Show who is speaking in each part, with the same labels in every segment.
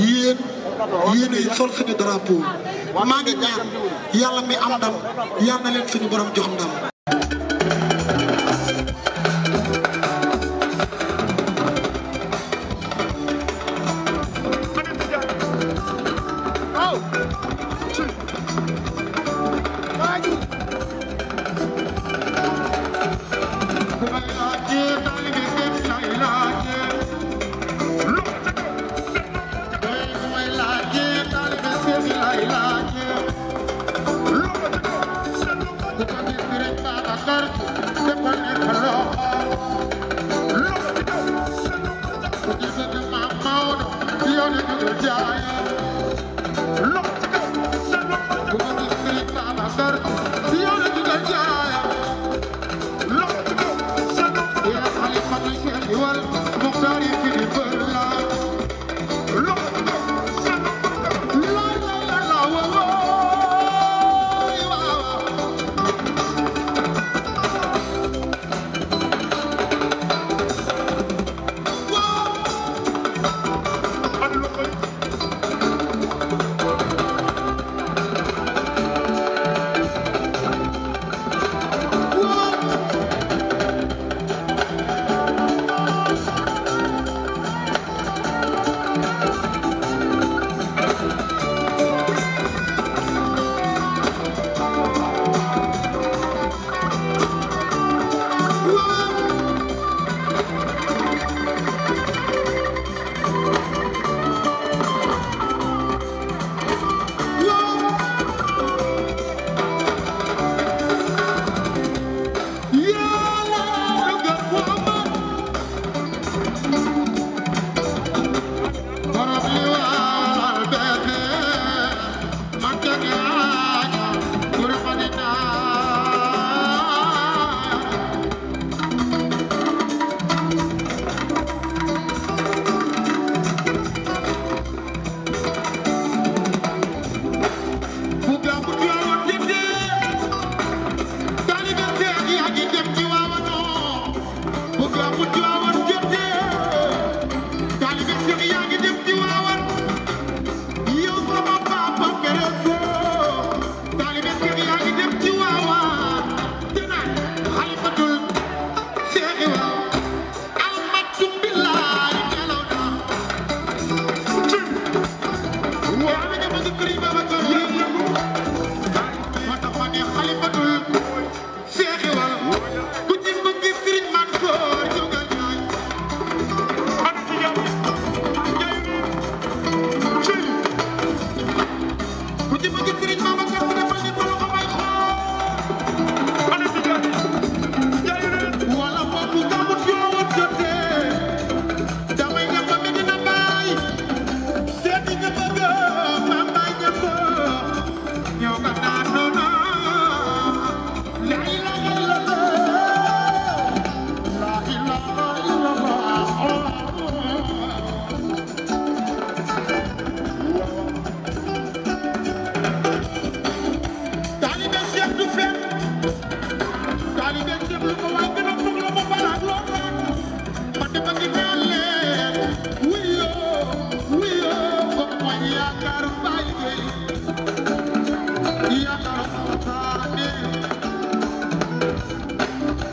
Speaker 1: yéen yéenay sol suñu drapeau maa ngi ñaan yàlla mi am ndam yàlla na leen suñu borom jox ndam. Grima!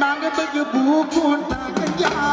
Speaker 1: Mangi bëgg bu ko tàgg yaa